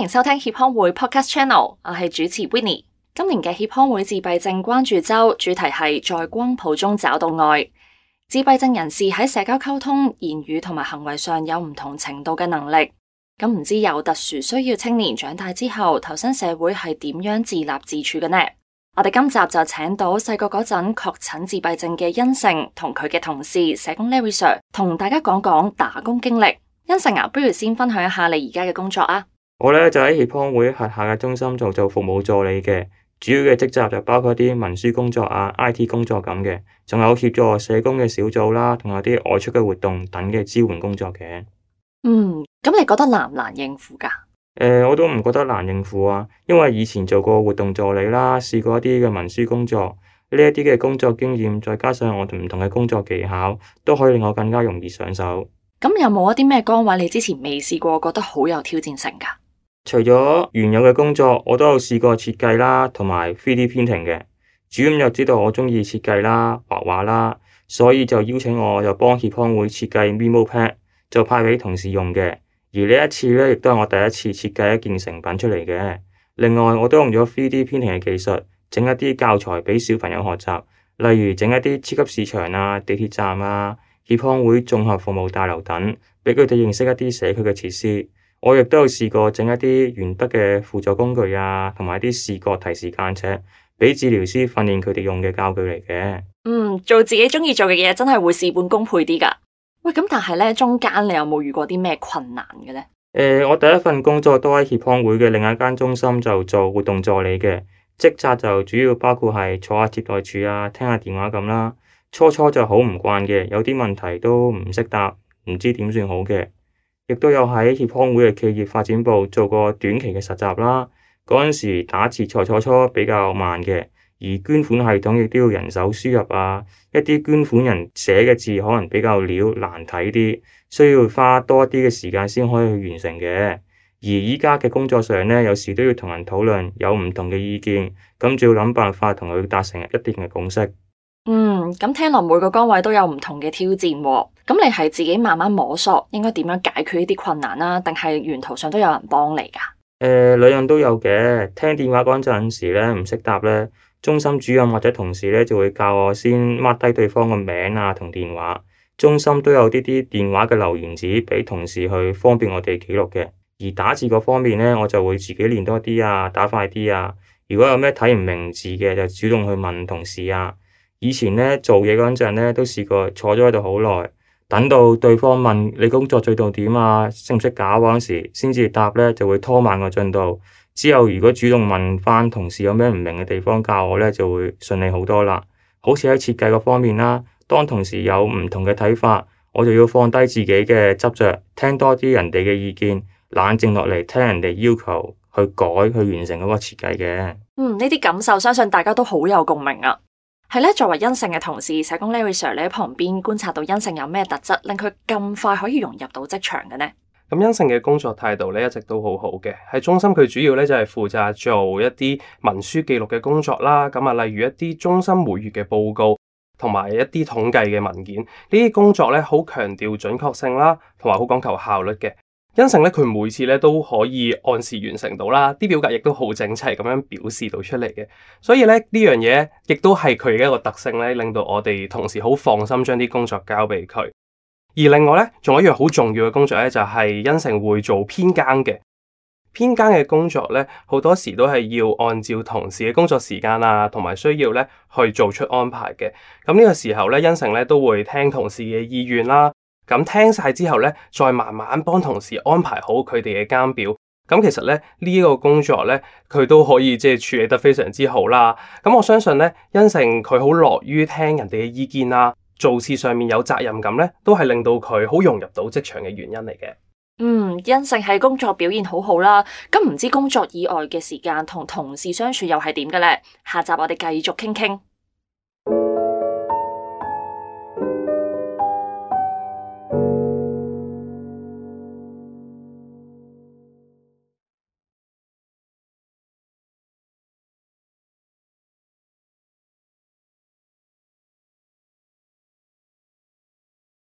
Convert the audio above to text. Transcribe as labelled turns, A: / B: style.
A: 歡迎收聽協康會 Podcast Channel，我係主持 Winnie。今年嘅協康會自閉症關注周主題係在光譜中找到愛。自閉症人士喺社交溝通、言語同埋行為上有唔同程度嘅能力。咁唔知有特殊需要青年長大之後投身社會係點樣自立自處嘅呢？我哋今集就請到細個嗰陣確診自閉症嘅恩盛同佢嘅同事社工 Larry Sir 同大家講講打工經歷。恩盛啊，不如先分享一下你而家嘅工作啊。
B: 我呢就喺協康會轄下嘅中心做做服務助理嘅，主要嘅職責就包括一啲文書工作啊、IT 工作咁嘅，仲有協助社工嘅小組啦、啊，同埋啲外出嘅活動等嘅支援工作嘅。
A: 嗯，咁你覺得難唔難應付噶？
B: 欸，我都唔覺得難應付啊，因為以前做過活動助理啦、啊，試過一啲嘅文書工作，呢一啲嘅工作經驗，再加上我不同唔同嘅工作技巧，都可以令我更加容易上手。
A: 咁有冇一啲咩崗位你之前未試過，覺得好有挑戰性噶？
B: 除咗原有嘅工作，我都有試過設計啦，同埋 3D printing 嘅。主任又知道我鍾意設計啦、畫畫啦，所以就邀請我又幫協康會設計 memo pad，就派俾同事用嘅。而呢一次咧，亦都係我第一次設計一件成品出嚟嘅。另外，我都用咗 3D printing 嘅技術，整一啲教材畀小朋友學習，例如整一啲超級市場啊、地鐵站啊、協康會綜合服務大樓等，畀佢哋認識一啲社區嘅設施。我亦都有試過整一啲原德嘅輔助工具啊，同埋一啲視覺提示間尺，俾治療師訓練佢哋用嘅教具嚟嘅。
A: 嗯，做自己中意做嘅嘢，真係會事半功倍啲噶喂，咁但係咧，中間你有冇遇過啲咩困難嘅咧？
B: 欸，我第一份工作都喺協康會嘅另一間中心就做活動助理嘅，職責就主要包括係坐下接待處啊，聽下電話咁啦。初初就好唔慣嘅，有啲問題都唔識答，唔知點算好嘅。亦都有喺協康會嘅企業發展部做過短期嘅實習啦，嗰陣時打字初初初比較慢嘅，而捐款系統亦都要人手輸入啊，一啲捐款人寫嘅字可能比較潦，難睇啲，需要花多啲嘅時間先可以去完成嘅。而而家嘅工作上呢，有時都要同人討論，有唔同嘅意見，咁就要諗辦法同佢達成一定嘅共識。
A: 嗯，咁聽落每個崗位都有唔同嘅挑戰喎。咁你係自己慢慢摸索，應該點樣解決呢啲困難啦啊？定係沿途上都有人幫你噶啊？
B: 誒、呃，兩樣都有嘅。聽電話嗰陣時咧，唔識答呢，中心主任或者同事咧就會教我先抹低對方嘅名啊，同電話。中心都有啲啲電話嘅留言紙俾同事去方便我哋記錄嘅。而打字嗰方面呢，我就會自己練多啲啊，打快啲啊。如果有咩睇唔明白字嘅，就主動去問同事啊。以前呢，做嘢嗰陣，呢，都試過坐咗喺度好耐，等到對方問你工作進度點啊，識唔識搞嗰陣時，先至答呢，就會拖慢個進度。之後如果主動問翻同事有咩唔明嘅地方教我呢，就會順利好多啦。好似喺設計嗰方面啦，當同事有唔同嘅睇法，我就要放低自己嘅執着，聽多啲人哋嘅意見，冷靜落嚟聽人哋要求去改去完成嗰個設計嘅。
A: 嗯，呢啲感受相信大家都好有共鳴啊！係咧，作為恩盛嘅同事，社工 Larry Sir，你喺旁邊觀察到恩盛有咩特質令佢咁快可以融入到職場嘅呢？
C: 咁恩盛嘅工作態度咧，一直都好好嘅。喺中心，佢主要咧就係負責做一啲文書記錄嘅工作啦。咁啊，例如一啲中心每月嘅報告，同埋一啲統計嘅文件。呢啲工作咧，好強調準確性啦，同埋好講求效率嘅。欣盛咧，佢每次咧都可以按時完成到啦，啲表格亦都好整齊咁樣表示到出嚟嘅。所以咧，呢樣嘢亦都係佢嘅一個特性咧，令到我哋同事好放心將啲工作交俾佢。而另外咧，仲有一樣好重要嘅工作咧，就是，就係欣盛會做編更嘅。編更嘅工作咧，好多時都係要按照同事嘅工作時間啊，同埋需要咧去做出安排嘅。咁呢個時候咧，欣盛咧都會聽同事嘅意願啦。咁聽晒之後咧，再慢慢幫同事安排好佢哋嘅監表。咁其實咧呢一個工作咧，佢都可以即係處理得非常之好啦。咁我相信咧，恩盛佢好樂於聽人哋嘅意見啦，做事上面有責任感咧，都係令到佢好融入到職場嘅原因嚟嘅。
A: 嗯，恩盛喺工作表現好好啦。咁唔知工作以外嘅時間同同事相處又係點嘅咧？下集我哋繼續傾傾。